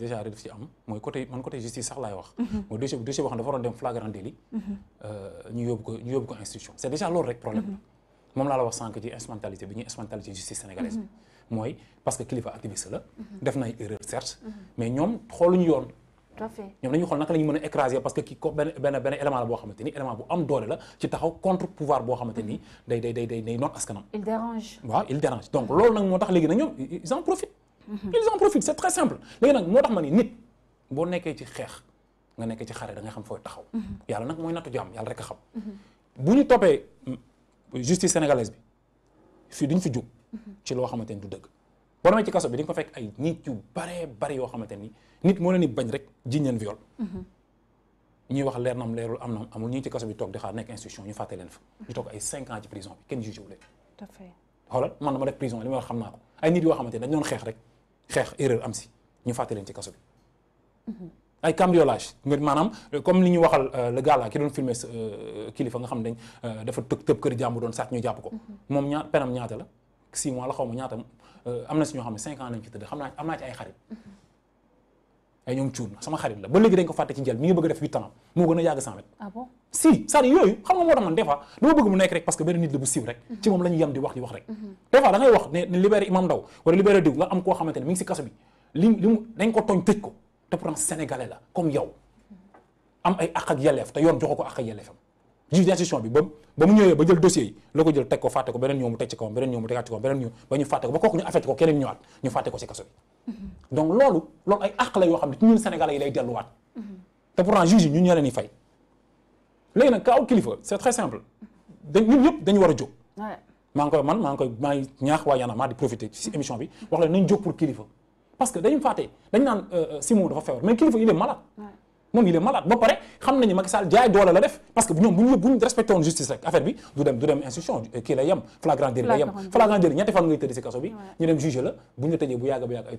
déjà daf ci am mooy côté man côté justice sax laay wax. Mhm. mooy dossier dossier boo xam dafa waroon dem délit. Mhm. Euh, ñu yóbbu ko ñu c'est déjà loolu rek problème la. Mhm. moom laa la wax sànq ci instrumentalité bi ñuy instrumentalité justice sénégalaise bi. mooy parce que kilifa activiste la. def na ay erreur mais ñoom xooluñu yoon. ñoom dañuy xool naka la mën a écraser parce que ki ko benn benn benn la boo xamante ni élément bu am doole ils en profitent c'est très simple léegi nag moo tax ma ni nit boo nekkee ci xeex nga nekkee ci xare da nga xam fooy taxaw yàlla nag mooy nattu jaam yàlla rek a xam bu ñu toppee justice sénégalaise bi fii duñ fi jóg ci loo xamante du dëgg boo demee ci kaso bi di nga ko fekk ay nit yu baree bari yoo xamante ni nit moo leen di bañ rek jiñ leen viol ñuy wax leer nam leerul am na amul ñii ci kaso bi toog di xaar nekk institution ñu fàtte leen fa ñu toog ay cinq xeex erreur am si ñu fàtte leen ci kaso bi. ay cambriolage nga maanaam comme li ñu waxal euh, le ki doon filmer euh, kilifa nga xam dañ euh, dafa tëb tëb kër jàmbu doon sàcc ñu jàpp ko. moom ñaar penam ñaata la six mois la xaw ma ñaata am na si ñoo xam ne cinq ans lañ fi tëdd xam naa am naa ci ay xarit. ay ñoom cuun sama xarit la ba léegi dañ ko fàtte ci jël mi ngi bëgg def huit ans moo gën a yàgg cent si cest à yooyu xam nga moo tax man des fois dama bëgg mu nekk rek parce que benn nit la bu siiw rek ci moom la yam di wax di wax rek mhm. des fois wax ne ne Imam Ndaw wala libéré diw nga am koo xamante ne mi si kaso bi ba mu ñëwee ba jël dossier yi la ko jël teg ko fàtte ko beneen ñëw mu teg ci kawam beneen ñëw mu tegaat ci kawam beneen ñëw ba ñu fàtte ko ba kooku ñu affecté ko keneen ñëwaat ñu fàtte ko si kaso bi mhm. donc loolu loolu ay àq la yoo xam ne ci ñun sénégalais yi lay delluwaat mhm. léegi nag kaaw kilifa c'est très simple dañ ñun ñëpp dañu war a jóg. maa ngi koy man maa ngi koy maa ñaax waa Y'en a marre di profiter ci émission bi wax la nañ jóg pour kilifa parce que dañu fàtte dañ naan euh, euh, Simon dafa feebar mais kilifa il est malade. moom il est malade ba pare xam nañu Macky Sall jaay doole la def parce que bu ñu bu ñu justice rek affaire bi du dem du kii lay yem flagrant délit ñetti fan ngay tëdd ci kaso bi ñu dem juger la bu yàgg ba yàgg ay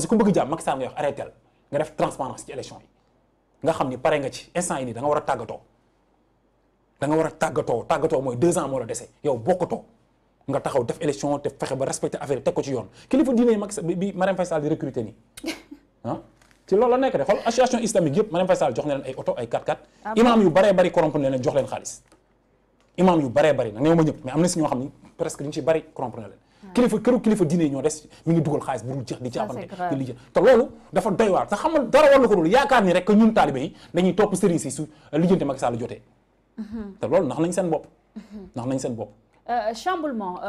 parce que ku bëgg jàmm Macky Sall nga wax arrêté nga def transparence ci élection yi nga xam ni pare nga ci instant yi nii da nga war a tàggatoo da nga war a tàggatoo tàggatoo mooy deux ans moo la dese yow bokkatoo nga taxaw def élection te fexe ba respecté affaire teg ko ci yoon kilifa diine Macky Sall bi Marème Faye Sall di nii ah ci loolu la nekk de xool association islamique yëpp Marème Faye Sall jox na leen ay oto ay 4x4 ah imam yu baree bari leen jox leen xaalis imam yu baree ñoo xam ni presque ñu ci bari kilifa këru kilifa diine ñoo des mi ngi dugal xaalis bu dul di jàppante di lijjë te loolu dafa doy waar te xamal dara war la ko loolu yaakaar ni rek que ñun taalibe yi dañuy topp sëriñ si su lijjante Macky Sall jote mhm. te loolu ndax nañ seen bopp mhm. ndax nañ seen bopp Euh, euh, chamboulement euh,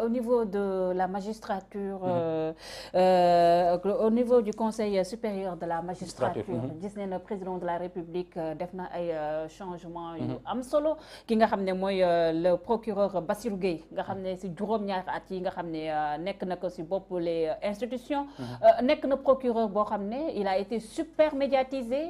euh, au niveau de la magistrature mhm. euh, euh, au niveau du conseil supérieur de la magistrature mhm. gis nañ ne président de la république def na ay changement yu mhm. am solo ki nga xam ne mooy le procureur Bassirou Gueye nga xam ne si juróom-ñaari at yi nga xam ne nekk na ko si bopp les institutions nekk na procureur boo xam ne il a été super médiatisé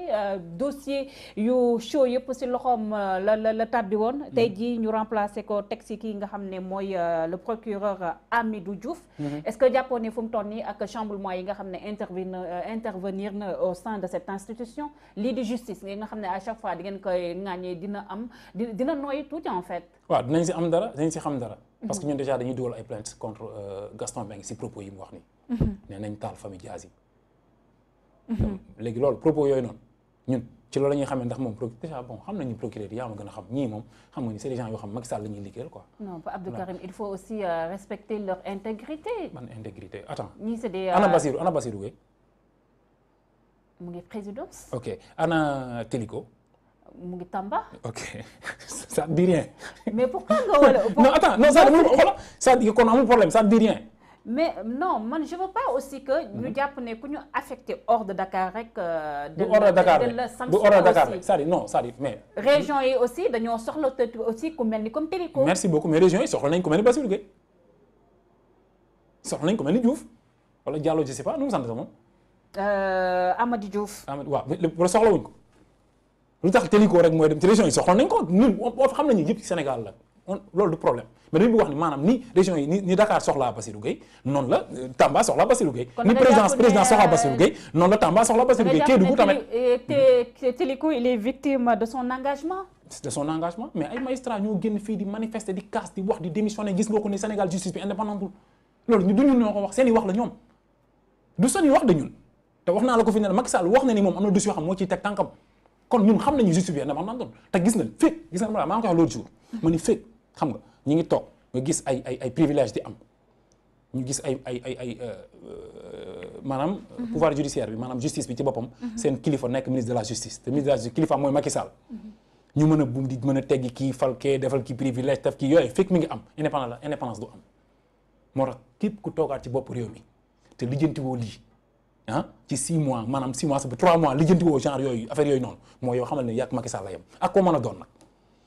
dossier yu chaud yëpp si loxoom la la la tàbbi woon tey jii ñu remplacé ko teg si kii nga xam ne mooy euh, le procureur euh, Amidou Diouf mhm. est-ce que jàppoon ne fu mu toll nii ak chamboulement yi nga xam ne euh, intervenir na au sein de cette institution lii di justice nga xam ne à chaque fois di ngeen koy ŋaañee dina am dina nooyi tuuti en fait waaw dinañ si am dara dinañ si xam dara mhm. parce que ñun déjà dañuy dugal ay plainte contre Gaston Mbengue si propos yi mu wax nii mhm. nee nañ taal famille Diaz léegi loolu propos yooyu noonu ñun ci loolu la ñuy xamee ndax moom pro déjà yaa ma gën a xam ñii moom xam nga ni c'est des gens yoo xam Macky Sall la ñuy liggéeyal quoi. non pas Abdou Karim il faut aussi euh, respecter leur intégrité. man intégrité attends. ñii c'est des euh, mu ngi présidence. ok Anna Téliko. mu ngi Tamba. ok ça ne dit rien. mais pourquoi nga wala. non attends non ça ne xoolal ça kon amul problème ça ne dit mais non man je veux pas aussi que. ñu mhm. jàpp ne ku ñu affecté hors de Dakar rek. du hors de Dakar du hors de Dakar rek c'est-à-dire non c'est-à-dire mais. région yi aussi dañoo soxla te aussi ku mel ni comme Téliko. merci beaucoup mais région yi soxla nañ ku mel ni Bassirou Gueye soxla nañ ku mel ni Diouf wala Diallo je sais pas nu mu sant moom. Euh, Amady Diouf. Amady waaw lépp soxla wuñ ko lu tax Téliko rek mooy dem ci région yi soxla nañ ko ñun xam nañu yëpp ci Sénégal la. on loolu du problème mais dañu wax ni maanaam ni région yi ni Dakar soxlaa euh, euh, Bassirou Gueye noonu la Tamba soxlaa Bassirou Gueye ni président président soxlaa Bassirou Gueye noonu la Tamba soxlaa Bassirou Gueye Kédougou tamit il est victime de son engagement de son engagement mais ay magistrat ñoo génn fii di manifester di casse di wax di démissionner gis nga ko ne Sénégal justice bi indépendantul loolu du ñun ñoo ko wax seen wax la ñoom du seen i wax da ñun te wax naa la ko fi ne Macky Sall wax na ni moom am moo teg tànkam kon ñun na gis na ma xam nga ñu ngi toog nga gis ay ay ay privilège di am ñu gis ay ay ay ay euh, euh, maanaam mhm. pouvoir judiciaire bi maanaam justice bi ci boppam mhm. seen kilifa nekk ministre de la justice te ministre de la justice kilifa mooy Macky Sall mhm. ñu mën a buum di mën a teggi kii fal kee defal kii privilège def kii yooyu fekk mi ngi am indépendance la indépendance du am moo tax képp ku toogaat ci bopp réew mi te lijjantiwoo lii ah ci 6 mois maanaam 6 mois ba 3 mois lijjantiwoo genre yooyu affaire a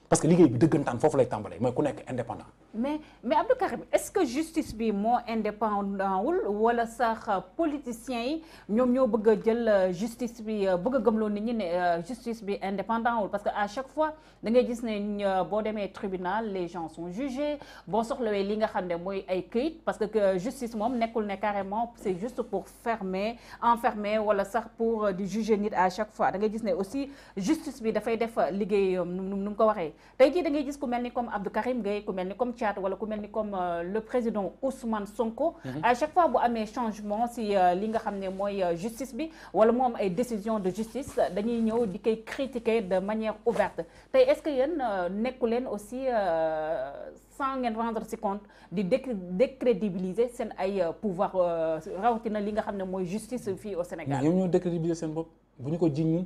parce que liggéey bi dëggantaan foofu lay tàmbalee mooy ku nekk indépendant mais mais Abdou Karim est-ce que justice bi moo indépendant wul wala sax politiciens yi ñoom ñoo bëgg jël euh, justice bi euh, bëgg a gëmloo nit ñi ne euh, justice bi indépendant wul parce que à chaque fois da ngay gis ne boo demee tribunal les gens sont jugés boo soxlawee li nga xam ne mooy ay këyit parce que justice moom nekkul ne carrément c'est juste pour fermer enfermer wala sax pour di juger nit à chaque fois da ngay gis ne aussi justice bi dafay def liggéey nu ko waxee Tchad wala ku mel ni comme euh, le président Ousmane Sonko. Mhm. à chaque fois bu amee changement si euh, li nga xam ne mooy euh, justice bi wala moom ay décision de justice dañuy ñëw di koy critiquer de manière ouverte tey est-ce que yéen nekku leen aussi sans ngeen rendre si compte di décrédibiliser seen ay pouvoir rawatina li nga xam ne mooy justice fii au Sénégal. ñoom ñoo décrédibiliser seen bopp bu ñu ko jiñ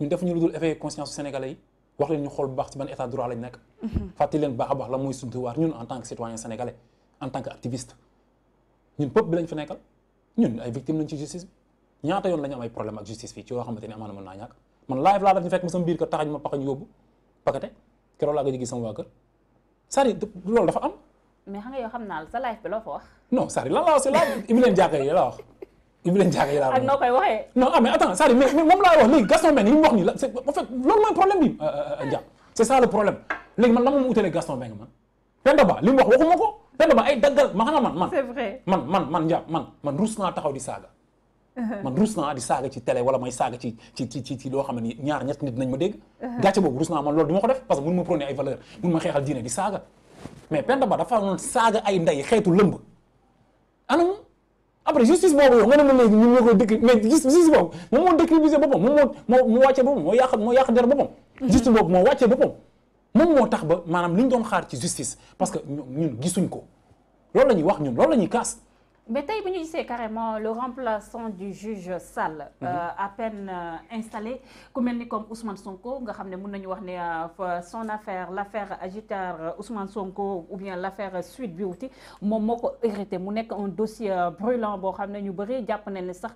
ñun def ñu lu dul éveiller conscience sénégalais yi. wax leen ñu xool bu baax ci ban état droit lañ nekk. Mhm. fàttali leen baax a baax la mooy suñu devoir ñun en tant que citoyen sénégalais en tant que activiste ñun peuple bi lañ fi nekkal ñun ay victime lañ ci justice bi ñaata yoon la ñu am ay problème ak justice fii ci yoo xamante ni amaana mën naa ñàkk man live laa def ñu fekk ma sama biir taxañ ma paxañ yóbbu pakate keroog laa gëj a sama waa kër loolu dafa am. mais xam nga xam naa la sa live bi loo fa wax. non c'est-à-dire lan la wax. Ibrahima Diack yi laa moom laa wax léegi Gaston Mbengue yi wax nii la c'est en fait loolu mooy problème bi euh, euh, euh, Ndiaye c'est man la ma utalee Gaston Mbengue man. wax waxuma ko Penda ay daggal man man c'est vrai man man man man man ruus naa taxaw di saaga. man ruus naa di saaga ci tele wala may saaga ci ci ci ci loo xam ne ñaar ñett nit nañ ma dégg. Uh-huh. gàcce boobu ruus naa man loolu du ma ko def parce que mun ma prôné ay mun ma xeexal diine di saaga mais Penda Ba dafa noon saaga ay ndey xeetu lëmb après justice boobu yow nga ne ma léegi ñun ñoo koy dëkk justice boobu moom moo décriminalisé boppam moom moo moo wàccee boppam moo yàq der boppam mm-hmm. justice boobu moo wàccee boppam moom moo tax ba maanaam li ñu doon xaar ci justice parce que ñun gisuñ ko loolu la ñuy wax ñun loolu la ñuy kaas mais tey bu ñu gisee carrément le remplaçant du juge Sall. Mhm. Euh, à peine euh, installé ku mel comme Ousmane Sonko nga xam ne mën nañu wax ne euh, son affaire l' affaire agitar Ousmane Sonko ou bien l' affaire suite bi wuti moom moo ko hérité mu nekk un dossier brûlant boo xam ne ñu bëri jàpp nañ ne sax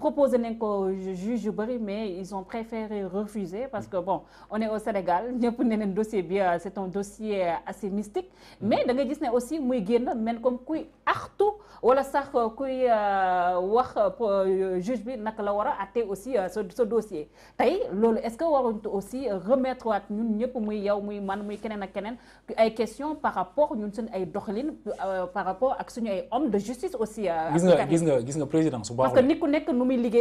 proposé nañ ko juge yu bëri mais ils ont préféré refuser parce que bon on est au Sénégal ñëpp ne leen dossier bi c' est un dossier assez mystique mhm. mais da nga gis ne aussi muy génn mel comme kuy artu wala. sax kuy euh, wax euh, juge bi naka la war a àtte aussi euh, sa sa dossier tey loolu est-ce que waruñu aussi remettre waat ñun ñëpp muy yow muy man muy keneen ak keneen ay question par rapport ñun suñ ay doxalin par rapport ak suñu ay homme de justice aussi. gis nga gis nga gis nga président su baaxul parce que nit ku nekk nu muy liggéey.